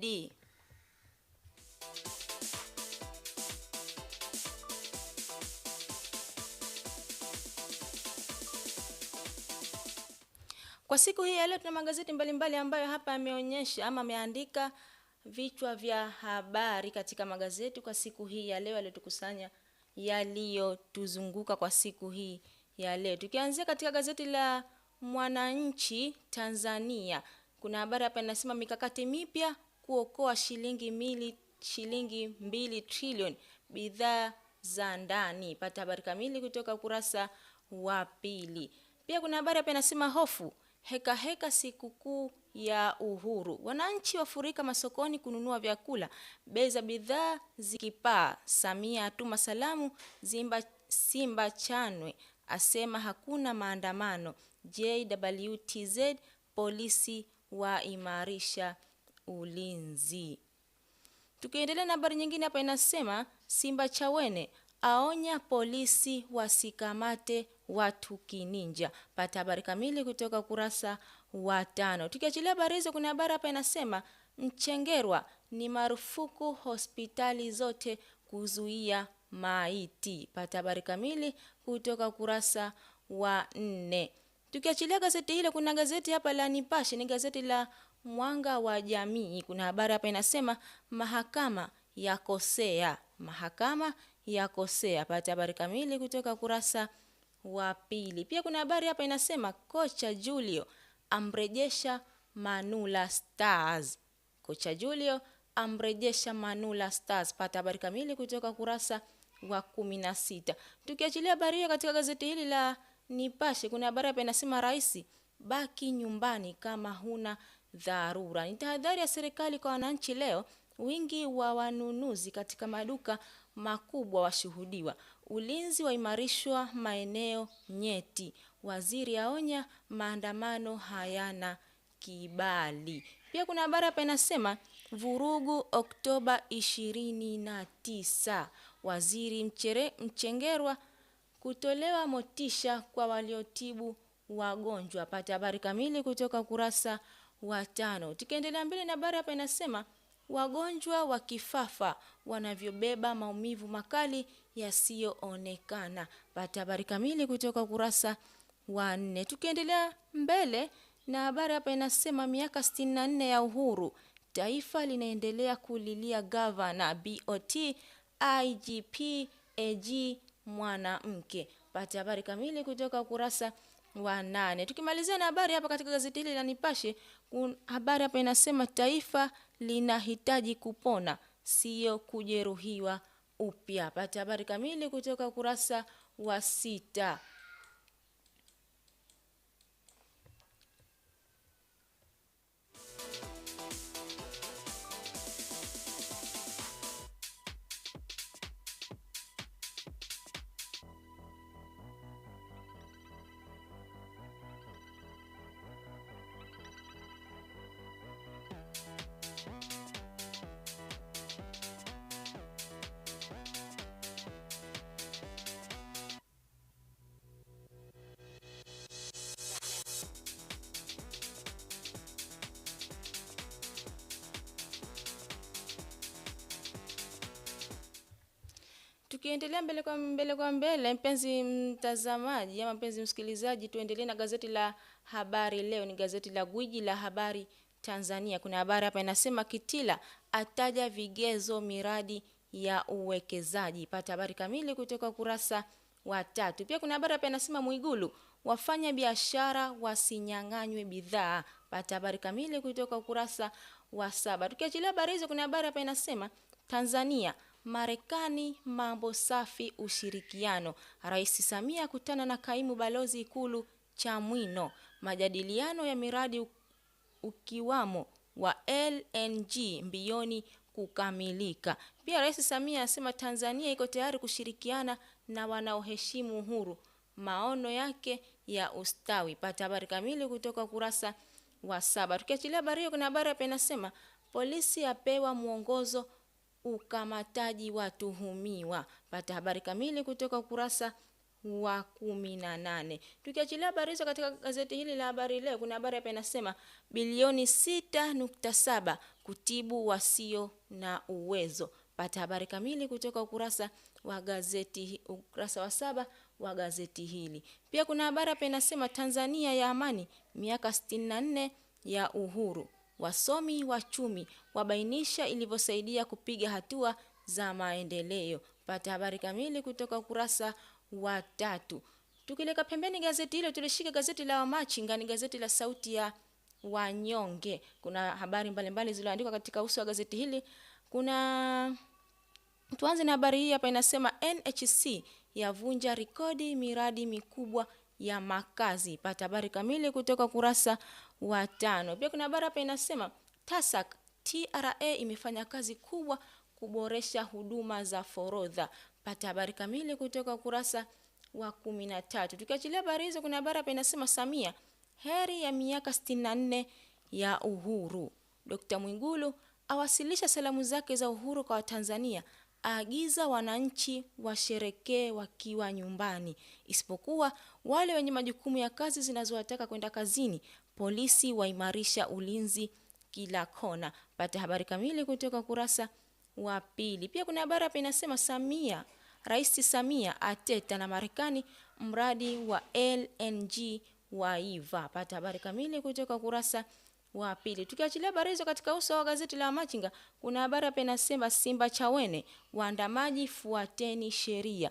D. Kwa siku hii ya leo tuna magazeti mbalimbali mbali ambayo hapa ameonyesha ama ameandika vichwa vya habari katika magazeti kwa siku hii ya leo yaliyotukusanya yaliyotuzunguka kwa siku hii ya leo. Tukianzia katika gazeti la Mwananchi Tanzania, kuna habari hapa inasema mikakati mipya kuokoa shilingi mili shilingi mbili trilioni bidhaa za ndani. Pata habari kamili kutoka ukurasa wa pili. Pia kuna habari hapa inasema hofu heka heka sikukuu ya uhuru, wananchi wafurika masokoni kununua vyakula, bei za bidhaa zikipaa. Samia atuma salamu Zimba, Simba Chanwe asema hakuna maandamano. JWTZ polisi waimarisha ulinzi. Tukiendelea na habari nyingine hapa inasema Simba Chawene aonya polisi wasikamate watu kininja. Pata habari kamili kutoka ukurasa wa tano. Tukiachilia habari hizo, kuna habari hapa inasema Mchengerwa ni marufuku hospitali zote kuzuia maiti. Pata habari kamili kutoka ukurasa wa nne. Tukiachilia gazeti hilo, kuna gazeti hapa la Nipashe, ni gazeti la Mwanga wa Jamii kuna habari hapa inasema mahakama yakosea, mahakama yakosea. Pata habari kamili kutoka kurasa wa pili. Pia kuna habari hapa inasema kocha Julio amrejesha Manula Stars, kocha Julio amrejesha Manula Stars. Pata habari kamili kutoka kurasa wa kumi na sita. Tukiachilia habari hiyo katika gazeti hili la Nipashe, kuna habari hapa inasema rais, baki nyumbani kama huna dharura. Ni tahadhari ya serikali kwa wananchi leo. Wingi wa wanunuzi katika maduka makubwa washuhudiwa. Ulinzi waimarishwa maeneo nyeti. Waziri aonya maandamano hayana kibali. Pia kuna habari hapa inasema vurugu Oktoba ishirini na tisa. Waziri Mchere, Mchengerwa kutolewa motisha kwa waliotibu wagonjwa. Pata habari kamili kutoka kurasa wa tano. Tukiendelea mbele na habari hapa inasema wagonjwa wa kifafa wanavyobeba maumivu makali yasiyoonekana. Pata habari kamili kutoka ukurasa wa nne. Tukiendelea mbele na habari hapa inasema miaka 64 ya uhuru, taifa linaendelea kulilia gavana, BOT, IGP, AG mwanamke. Pata habari kamili kutoka ukurasa wa nane. Tukimalizia na habari hapa katika gazeti hili la Nipashe, habari hapa inasema taifa linahitaji kupona, sio kujeruhiwa upya. pate habari kamili kutoka ukurasa wa sita. Tukiendelea mbele kwa mbele kwa mbele, mpenzi mtazamaji ama mpenzi msikilizaji, tuendelee na gazeti la habari leo. Ni gazeti la gwiji la habari Tanzania. Kuna habari hapa inasema, Kitila ataja vigezo miradi ya uwekezaji. Pata habari kamili kutoka ukurasa wa tatu. Pia kuna habari hapa inasema, Mwigulu wafanya biashara wasinyang'anywe bidhaa. Pata habari kamili kutoka ukurasa wa saba. Tukiachilia habari hizo, kuna habari hapa inasema Tanzania Marekani mambo safi, ushirikiano. Rais Samia akutana na kaimu balozi Ikulu Chamwino. Majadiliano ya miradi ukiwamo wa LNG mbioni kukamilika. Pia Rais Samia asema Tanzania iko tayari kushirikiana na wanaoheshimu uhuru, maono yake ya ustawi. Pata habari kamili kutoka ukurasa wa saba. Tukiachilia habari hiyo, kuna habari hapa inasema polisi apewa mwongozo ukamataji watuhumiwa. Pata habari kamili kutoka ukurasa wa kumi na nane. Tukiachilia habari hizo katika gazeti hili la Habari Leo, kuna habari hapa inasema bilioni sita nukta saba kutibu wasio na uwezo. Pata habari kamili kutoka ukurasa wa gazeti ukurasa wa saba wa gazeti hili. Pia kuna habari hapa inasema Tanzania ya amani miaka 64 ya uhuru. Wasomi wachumi wabainisha ilivyosaidia kupiga hatua za maendeleo. Pata habari kamili kutoka ukurasa wa tatu. Tukileka pembeni gazeti hilo, tulishika gazeti la Wamachinga, ni gazeti la Sauti ya Wanyonge. Kuna habari mbalimbali zilizoandikwa katika uso wa gazeti hili. Kuna tuanze na habari hii hapa, inasema NHC yavunja rekodi miradi mikubwa ya makazi. Pata habari kamili kutoka kurasa watano. Pia kuna habari hapa inasema TASAC TRA imefanya kazi kubwa kuboresha huduma za forodha. Pata habari kamili kutoka ukurasa wa kumi na tatu. Tukiachilia habari hizo, kuna habari hapa inasema Samia heri ya miaka 64 ya uhuru. Dkt. Mwigulu awasilisha salamu zake za uhuru kwa Watanzania, aagiza wananchi washerekee wakiwa nyumbani, isipokuwa wale wenye majukumu ya kazi zinazowataka kwenda kazini, polisi waimarisha ulinzi kila kona. Pata habari kamili kutoka kurasa wa pili. Pia kuna habari hapa inasema Samia, Rais Samia ateta na Marekani mradi wa LNG waiva. Pata habari kamili kutoka kurasa wa pili. Tukiachilia habari hizo katika uso wa gazeti la Machinga, kuna habari hapa inasema Simba Chawene, waandamaji fuateni sheria.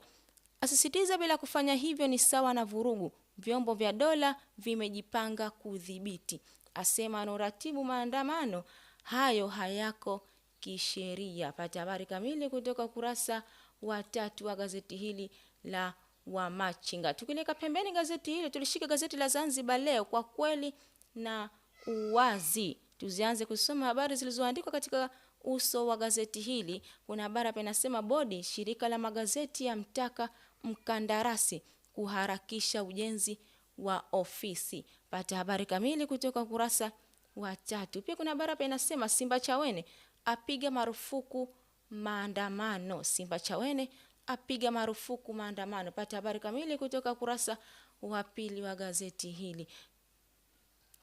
Asisitiza bila kufanya hivyo ni sawa na vurugu vyombo vya dola vimejipanga kudhibiti, asema anaoratibu maandamano hayo hayako kisheria. Pata habari kamili kutoka ukurasa wa tatu wa gazeti hili la Wamachinga. Tukileka pembeni gazeti hili, tulishika gazeti la Zanzibar Leo, kwa kweli na uwazi. Tuzianze kusoma habari zilizoandikwa katika uso wa gazeti hili. Kuna habari hapa inasema, bodi shirika la magazeti ya mtaka mkandarasi kuharakisha ujenzi wa ofisi. Pata habari kamili kutoka ukurasa wa tatu. Pia kuna habari hapa inasema Simba Chawene apiga marufuku maandamano. Simba Chawene apiga marufuku maandamano. Pata habari kamili kutoka ukurasa wa pili wa gazeti hili.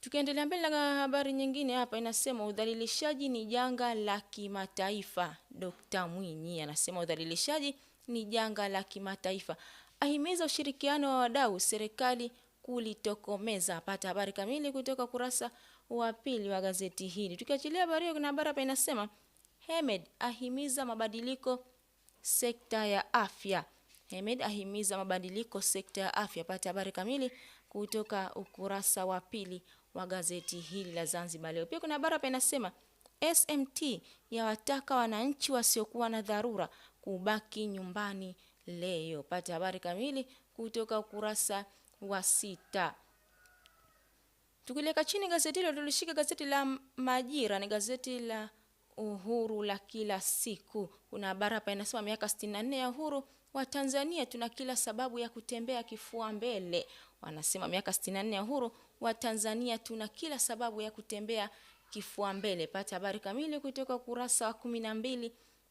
Tukiendelea mbele na habari nyingine hapa inasema udhalilishaji ni janga la kimataifa. Dkt Mwinyi anasema udhalilishaji ni janga la kimataifa ahimiza ushirikiano wa wadau serikali kulitokomeza. Pata habari kamili kutoka kurasa wa pili wa gazeti hili. Tukiachilia habari hiyo, kuna habari hapa inasema Hemed ahimiza mabadiliko sekta ya afya. Hemed ahimiza mabadiliko sekta ya afya. Pata habari kamili kutoka ukurasa wa pili wa gazeti hili la Zanzibar Leo. Pia kuna habari hapa inasema SMT yawataka wananchi wasiokuwa na dharura kubaki nyumbani leo. Pata habari kamili kutoka ukurasa wa sita. Tukileka chini gazeti hilo, tulishika gazeti la Majira, ni gazeti la Uhuru la kila siku. Kuna habari hapa inasema, miaka 64 ya uhuru wa Tanzania, tuna kila sababu ya kutembea kifua mbele. Wanasema miaka 64 ya uhuru wa Tanzania, tuna kila sababu ya kutembea kifua mbele. Pata habari kamili kutoka ukurasa wa kumi na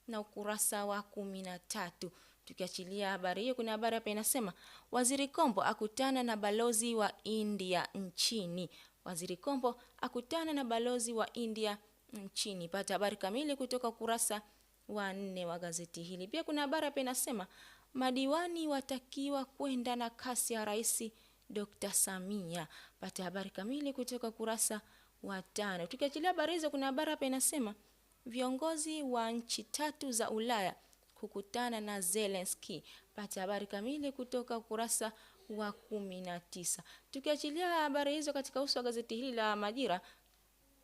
na ukurasa wa 13. Tukiachilia habari hiyo, kuna habari hapa inasema Waziri Kombo akutana na balozi wa India nchini. Waziri Kombo akutana na balozi wa India nchini. Pata habari kamili kutoka ukurasa wa nne wa gazeti hili. Pia kuna habari hapa inasema madiwani watakiwa kwenda na kasi ya Rais Dr. Samia. Pata habari kamili kutoka ukurasa wa tano. Tukiachilia habari hizo, kuna habari hapa inasema viongozi wa nchi tatu za Ulaya kukutana na Zelensky. Pata habari kamili kutoka ukurasa wa kumi na tisa. Tukiachilia habari hizo katika uso wa gazeti hili la Majira,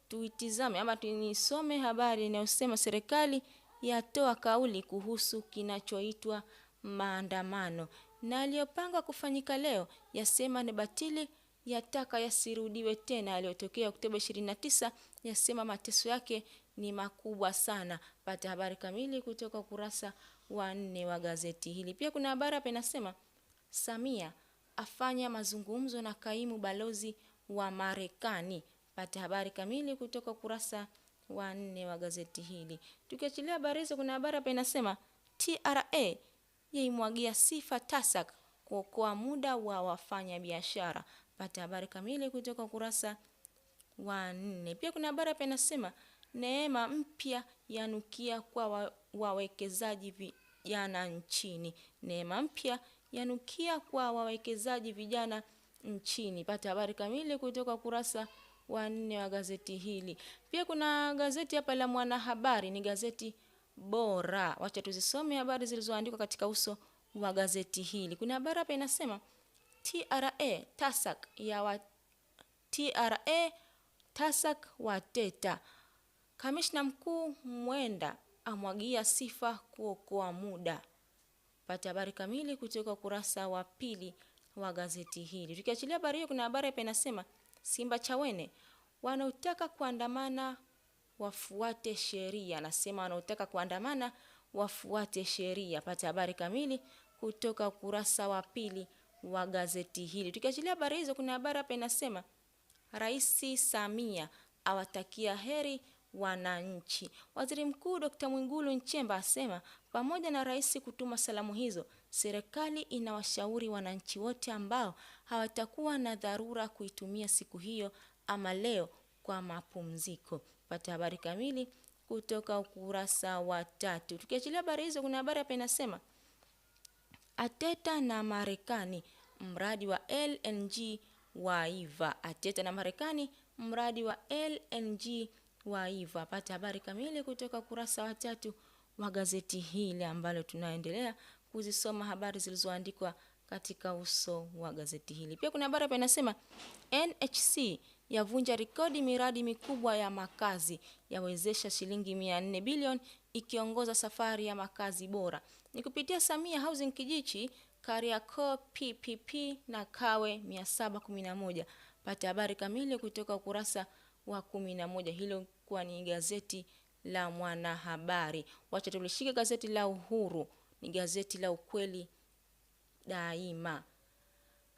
tuitizame ama tunisome habari inayosema serikali yatoa kauli kuhusu kinachoitwa maandamano na yaliyopangwa kufanyika leo yasema ni batili, yataka yasirudiwe tena yaliyotokea Oktoba 29 yasema mateso yake ni makubwa sana. Pata habari kamili kutoka ukurasa wa nne wa gazeti hili. Pia kuna habari hapa inasema Samia afanya mazungumzo na kaimu balozi wa Marekani. Pata habari kamili kutoka ukurasa wa nne wa gazeti hili. Tukiachilia habari hizo, kuna habari hapa inasema TRA yaimwagia sifa TASAC kuokoa muda wa wafanyabiashara. Pata habari kamili kutoka ukurasa wa nne. Pia kuna habari hapa inasema neema mpya yanukia kwa wa, wawekezaji vijana nchini. Neema mpya yanukia kwa wawekezaji vijana nchini. Pata habari kamili kutoka kurasa wa nne wa gazeti hili. Pia kuna gazeti hapa la Mwanahabari, ni gazeti bora. Wacha tuzisome habari zilizoandikwa katika uso wa gazeti hili. Kuna habari hapa inasema TRA TASAC ya wa TRA TASAC wateta. Kamishna mkuu Mwenda amwagia sifa kuokoa muda. Pata habari kamili kutoka ukurasa wa pili wa gazeti hili. Tukiachilia habari hiyo, kuna habari hapa inasema Simba Chawene wanaotaka kuandamana wafuate sheria, anasema wanaotaka kuandamana wafuate sheria. Pata habari kamili kutoka ukurasa wa pili wa gazeti hili. Tukiachilia habari hizo, kuna habari hapa inasema Rais Samia awatakia heri wananchi. Waziri Mkuu Dkt. Mwigulu Nchemba asema pamoja na rais kutuma salamu hizo, serikali inawashauri wananchi wote ambao hawatakuwa na dharura kuitumia siku hiyo ama leo kwa mapumziko. Pata habari kamili kutoka ukurasa wa tatu. Tukiachilia habari hizo, kuna habari hapa inasema Ateta na Marekani mradi wa LNG waiva, ateta na Marekani mradi wa LNG waiva. Pata habari kamili kutoka kurasa watatu wa gazeti hili ambalo tunaendelea kuzisoma habari zilizoandikwa katika uso wa gazeti hili. Pia kuna habari hapa inasema NHC yavunja rekodi miradi mikubwa ya makazi yawezesha shilingi mi4 bilioni ikiongoza safari ya makazi bora. Ni kupitia Samia Housing Kijichi Kariakoo PPP na Kawe 711. Pata habari kamili kutoka ukurasa wa 11. Hilo kuwa ni gazeti la Mwanahabari. Wacha tulishike gazeti la Uhuru, ni gazeti la ukweli daima.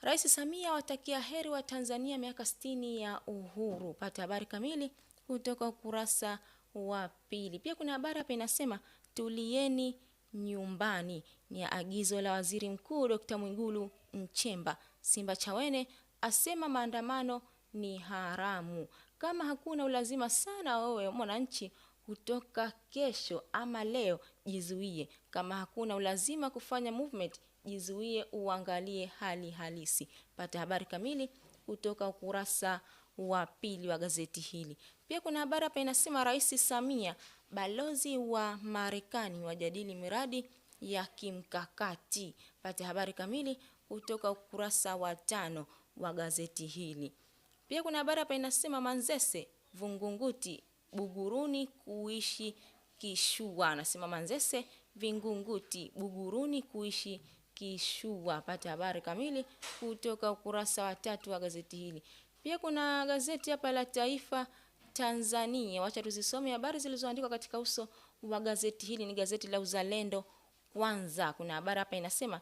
Rais Samia watakia heri wa Tanzania miaka 60 ya uhuru. Pata habari kamili kutoka ukurasa wa pili. Pia kuna habari hapa inasema tulieni nyumbani. Ni ya agizo la Waziri Mkuu Dr. Mwigulu Nchemba. Simba Chawene asema maandamano ni haramu. Kama hakuna ulazima sana wewe mwananchi kutoka kesho ama leo jizuie. Kama hakuna ulazima kufanya movement, jizuie, uangalie hali halisi. Pata habari kamili kutoka ukurasa wa pili wa gazeti hili. Pia kuna habari hapa inasema Rais Samia, balozi wa Marekani wajadili miradi ya kimkakati. Pate habari kamili kutoka ukurasa wa tano wa gazeti hili. Pia kuna habari hapa inasema Manzese, Vungunguti Buguruni kuishi kishua. Anasema Manzese, Vingunguti, Buguruni kuishi kishua. Pate habari kamili kutoka ukurasa wa tatu wa gazeti hili. Pia kuna gazeti hapa la Taifa Tanzania. Wacha tuzisome habari zilizoandikwa katika uso wa gazeti hili. Ni gazeti la Uzalendo Kwanza. Kuna habari hapa inasema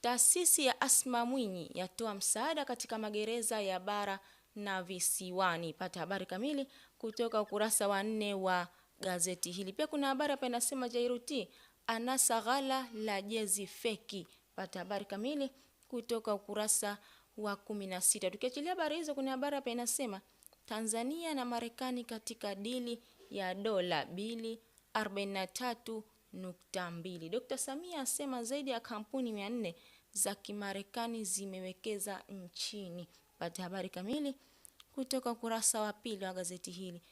taasisi ya Asma Mwinyi yatoa msaada katika magereza ya bara na visiwani. Pata habari kamili kutoka ukurasa wa nne wa gazeti hili. Pia kuna habari hapa inasema Jairuti anasa ghala la jezi feki. Pata habari kamili kutoka ukurasa wa 16. Tukiachilia habari hizo, kuna habari hapa inasema Tanzania na Marekani katika dili ya dola bili 43.2. Dr. Samia asema zaidi ya kampuni 400 za Kimarekani zimewekeza nchini. Pata habari kamili kutoka ukurasa wa pili wa gazeti hili.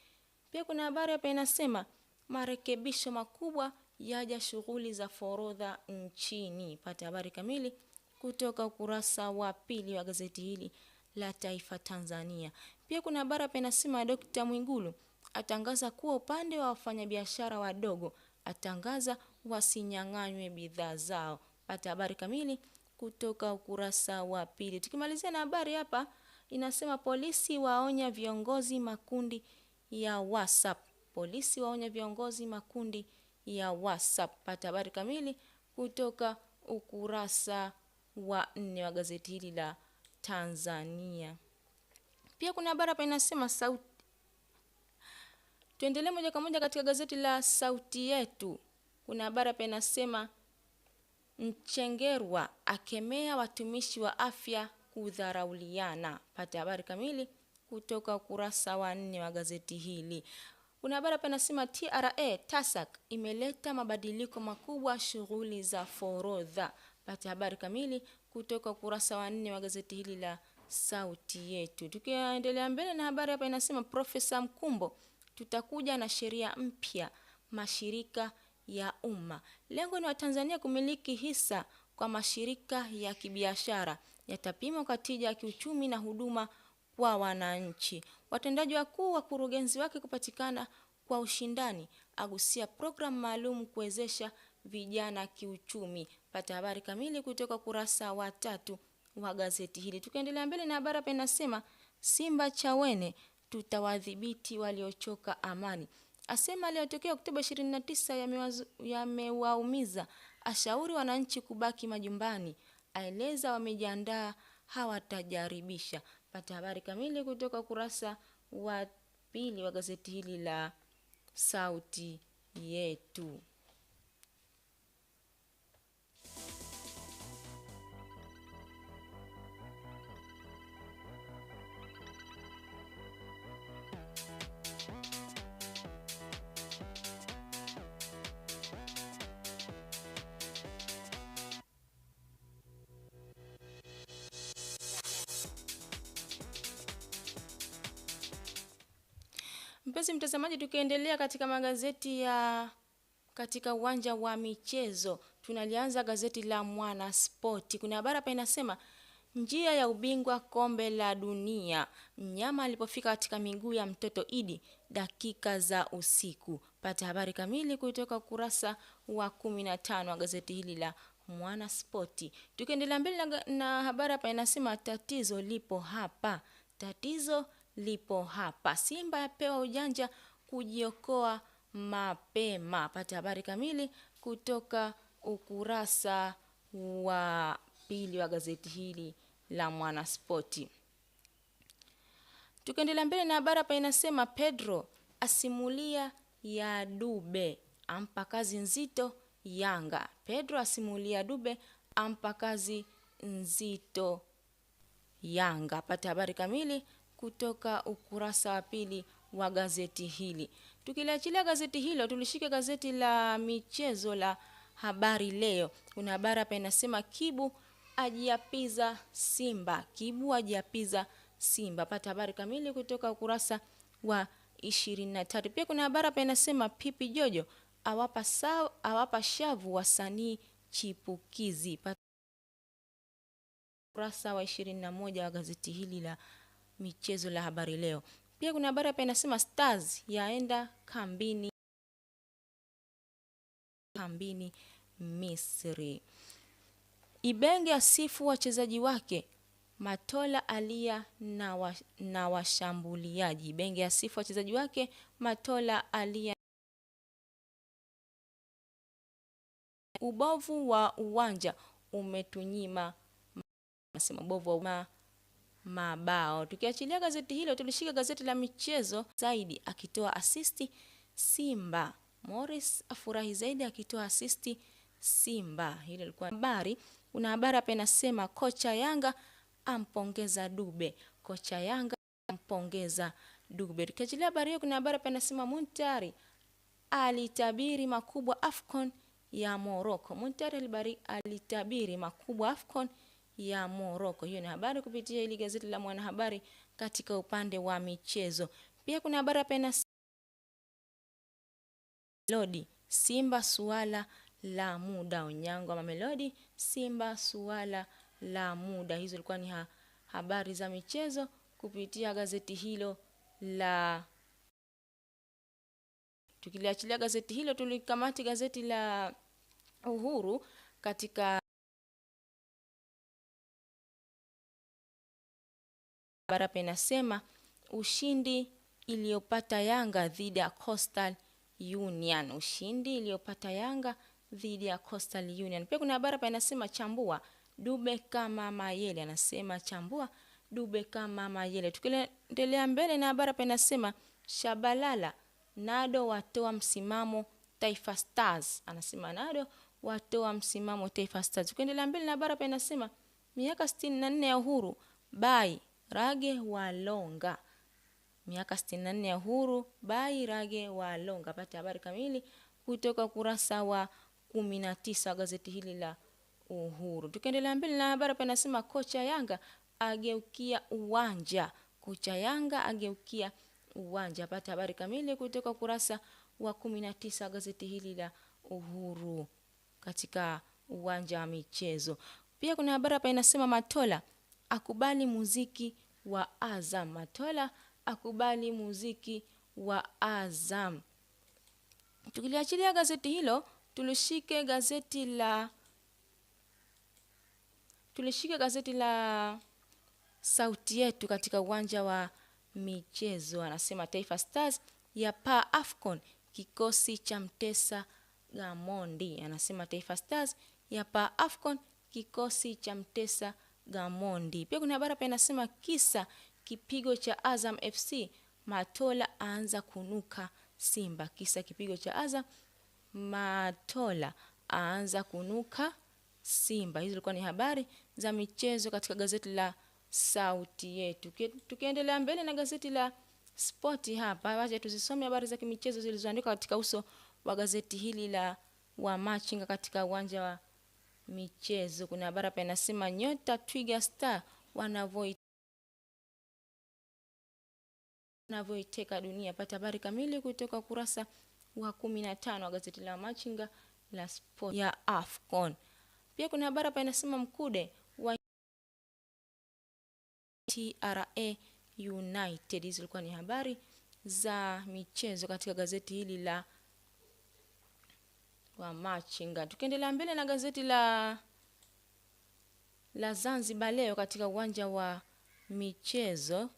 Pia kuna habari hapa inasema marekebisho makubwa yaja shughuli za forodha nchini. Pata habari kamili kutoka ukurasa wa pili wa gazeti hili la Taifa Tanzania. Pia kuna habari hapa inasema Dkt. Mwigulu atangaza kuwa upande wa wafanyabiashara wadogo atangaza wasinyang'anywe bidhaa zao. Pata habari kamili kutoka ukurasa wa pili. Tukimalizia na habari hapa inasema polisi waonya viongozi makundi ya WhatsApp. Polisi waonya viongozi makundi ya WhatsApp. Pata habari kamili kutoka ukurasa wa nne wa gazeti hili la Tanzania. Pia kuna habari hapa inasema sauti. Tuendelee moja kwa moja katika gazeti la Sauti Yetu. Kuna habari hapa inasema Mchengerwa akemea watumishi wa afya kudharauliana. Pata habari kamili kutoka ukurasa wa nne wa gazeti hili. Kuna habari hapa inasema TRA TASAC imeleta mabadiliko makubwa shughuli za forodha. Pata habari kamili kutoka ukurasa wa nne wa gazeti hili la Sauti Yetu. Tukiendelea mbele na habari hapa, inasema Profesa Mkumbo, tutakuja na sheria mpya mashirika ya umma. Lengo ni Watanzania kumiliki hisa kwa mashirika ya kibiashara, yatapimwa kwa tija ya kiuchumi na huduma kwa wananchi. Watendaji wakuu, wakurugenzi wake kupatikana kwa ushindani, agusia programu maalum kuwezesha vijana kiuchumi. Pata habari kamili kutoka kurasa wa tatu wa gazeti hili. Tukiendelea mbele na habari hapa inasema Simba Chawene tutawadhibiti waliochoka amani. Asema aliyotokea Oktoba 29 yamewaumiza, ashauri wananchi kubaki majumbani, aeleza wamejiandaa hawatajaribisha. Pata habari kamili kutoka ukurasa wa pili wa gazeti hili la Sauti Yetu. Mpenzi mtazamaji, tukiendelea katika magazeti ya katika uwanja wa michezo, tunalianza gazeti la Mwana Spoti. Kuna habari hapa inasema njia ya ubingwa kombe la dunia, mnyama alipofika katika miguu ya mtoto Idi dakika za usiku. Pata habari kamili kutoka ukurasa wa 15 wa gazeti hili la Mwana Spoti. Tukiendelea mbele na, na habari hapa inasema tatizo lipo hapa, tatizo lipo hapa. Simba yapewa ujanja kujiokoa mapema. Pata habari kamili kutoka ukurasa wa pili wa gazeti hili la Mwanaspoti. Tukiendelea mbele na habari hapa, inasema Pedro asimulia ya Dube ampa kazi nzito Yanga. Pedro asimulia Dube ampa kazi nzito Yanga. Pata habari kamili kutoka ukurasa wa pili wa gazeti hili. Tukiliachilia gazeti hilo, tulishike gazeti la michezo la Habari Leo. Kuna habari hapa inasema Kibu ajiapiza Simba, Kibu ajiapiza Simba. Pata habari kamili kutoka ukurasa wa 23. Pia kuna habari hapa inasema Pipi Jojo awapa, saw, awapa shavu wasanii chipukizi. Pata ukurasa wa 21 wa gazeti hili la michezo la habari leo. Pia kuna habari hapa inasema Stars yaenda kambini kambini Misri. Ibenge asifu wachezaji wake. Matola alia na, wa, na washambuliaji. Ibenge asifu wachezaji wake. Matola alia ubovu wa uwanja umetunyima, nasema ubovu wa uwanja mabao. Tukiachilia gazeti hilo, tulishika gazeti la michezo zaidi, akitoa asisti Simba. Morris afurahi zaidi akitoa asisti Simba. Hilo lilikuwa habari. Kuna habari hapa inasema kocha Yanga ampongeza Dube, kocha Yanga ampongeza Dube. Tukiachilia habari hiyo, kuna habari hapa inasema Muntari alitabiri makubwa AFCON ya Morocco. Muntari alitabiri makubwa AFCON ya Morocco. Hiyo ni habari kupitia ili gazeti la Mwanahabari. Katika upande wa michezo pia kuna habari hapa ina Melodi Simba suala la muda, unyango mamelodi Simba suala la muda. Hizo zilikuwa ni ha habari za michezo kupitia gazeti hilo la tukiliachilia gazeti hilo tulikamati gazeti la Uhuru katika Barapa inasema ushindi iliyopata Yanga dhidi ya Coastal Union, ushindi iliyopata Yanga dhidi ya Coastal Union. Pia kuna habari hapa inasema chambua Dube kama Mayele, anasema chambua Dube kama Mayele. Tukiendelea mbele na habari hapa inasema Shabalala Nado watoa msimamo Taifa Stars, anasema Nado watoa msimamo Taifa Stars. Tukiendelea mbele na habari hapa inasema miaka 64 ya uhuru bai Rage Walonga, miaka 64 ya huru bai Rage Walonga. pate habari kamili kutoka kurasa wa 19 wa gazeti hili la Uhuru. Tukiendelea mbele na habari, hapa inasema kocha Yanga ageukia uwanja, kocha Yanga ageukia uwanja. Pate habari kamili kutoka kurasa wa 19 wa gazeti hili la Uhuru katika uwanja wa michezo. Pia kuna habari hapa inasema Matola akubali muziki wa Azam. Matola akubali muziki wa Azam. Tukiliachilia gazeti hilo, tulishike gazeti la tulishike gazeti la sauti yetu katika uwanja wa michezo. Anasema Taifa Stars ya pa AFCON kikosi cha Mtesa Gamondi. Anasema Taifa Stars ya pa AFCON kikosi cha Mtesa Gamondi. Pia kuna habari hapa inasema kisa kipigo cha Azam FC, Matola aanza kunuka Simba. Kisa kipigo cha Azam, Matola aanza kunuka Simba. Hizo zilikuwa ni habari za michezo katika gazeti la Sauti Yetu. Tukiendelea mbele na gazeti la Spoti hapa, wacha tuzisome habari za kimichezo zilizoandikwa katika uso wa gazeti hili la Wamachinga katika uwanja wa michezo. Kuna habari hapa inasema nyota Twiga Star wanavyoiteka dunia. Pata habari kamili kutoka ukurasa wa 15 wa gazeti la Machinga la Sport ya Afcon. Pia kuna habari hapa inasema Mkude wa TRA United. Hizo zilikuwa ni habari za michezo katika gazeti hili la wa machinga. Tukiendelea mbele na gazeti la la Zanzibar leo katika uwanja wa michezo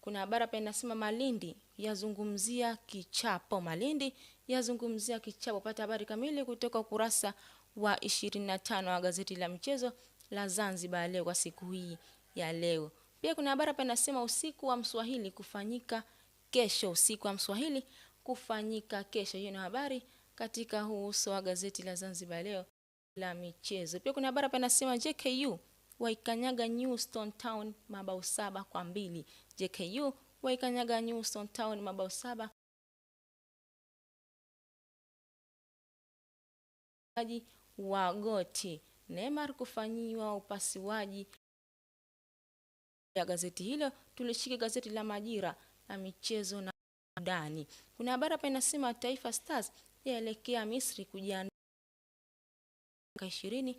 kuna habari hapa inasema Malindi yazungumzia kichapo. Malindi yazungumzia kichapo. Pata habari kamili kutoka ukurasa wa 25 wa gazeti la michezo la Zanzibar leo kwa siku hii ya leo. Pia kuna habari hapa inasema usiku wa Mswahili kufanyika kesho, usiku wa Mswahili kufanyika kesho. Hiyo ni habari katika huu uso wa gazeti la Zanzibar Leo la michezo. Pia kuna habari panasema inasema JKU waikanyaga Newstone Town mabao saba kwa mbili. JKU waikanyaga Newstone Town mabao saba wa goti. Neymar kufanyiwa upasuaji ya gazeti hilo. Tulishike gazeti la Majira la michezo na ndani, kuna habari hapa inasema Taifa Stars yaelekea Misri kujiandaa ishirini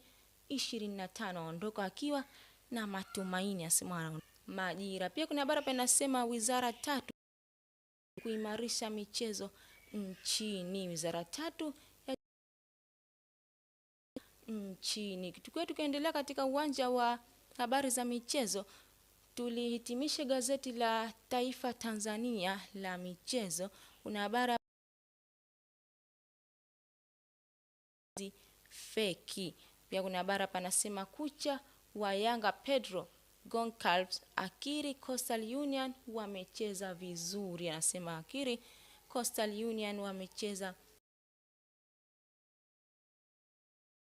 ishirini na tano aondoka akiwa na matumaini asema Majira. Pia kuna habari hapa inasema wizara tatu kuimarisha michezo nchini, wizara tatu ya nchini. Tukiwa tukiendelea katika uwanja wa habari za michezo, tulihitimisha gazeti la Taifa Tanzania la michezo. kuna habari feki. Pia kuna habari hapa anasema kucha wa Yanga Pedro Goncalves akiri Coastal Union wamecheza vizuri, anasema akiri Coastal Union wamecheza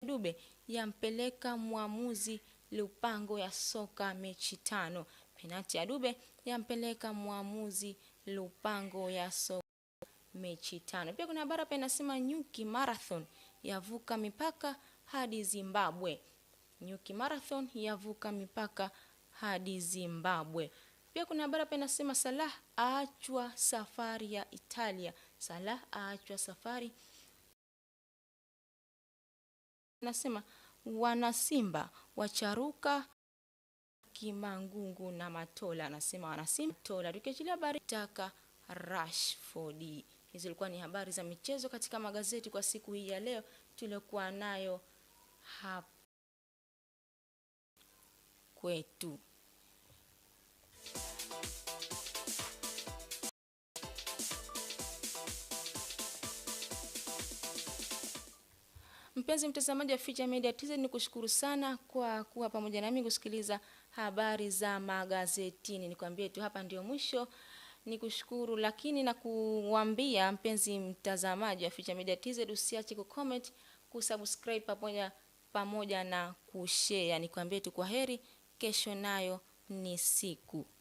Dube yampeleka mwamuzi Lupango ya soka mechi tano. Penati ya Dube yampeleka mwamuzi Lupango ya soka mechi tano. Pia kuna habari hapa inasema Nyuki Marathon yavuka mipaka hadi Zimbabwe. Nyuki Marathon yavuka mipaka hadi Zimbabwe. Pia kuna habari hapa inasema Salah aachwa safari ya Italia. Salah aachwa safari. Nasema wanasimba wacharuka Kimangungu na Matola. Anasema wanasimba Tola. Tukiachilia habari taka Rashford Zilikuwa ni habari za michezo katika magazeti kwa siku hii ya leo tuliokuwa nayo hapa kwetu. Mpenzi mtazamaji wa Future Media TZ, ni kushukuru sana kwa kuwa pamoja nami kusikiliza habari za magazetini. Nikwambie tu hapa ndio mwisho ni kushukuru lakini na kuwambia mpenzi mtazamaji wa Future Media TZ usiache kucomment, kusubscribe pamoja pamoja na kushare. Nikwambie tu kwa heri, kesho nayo ni siku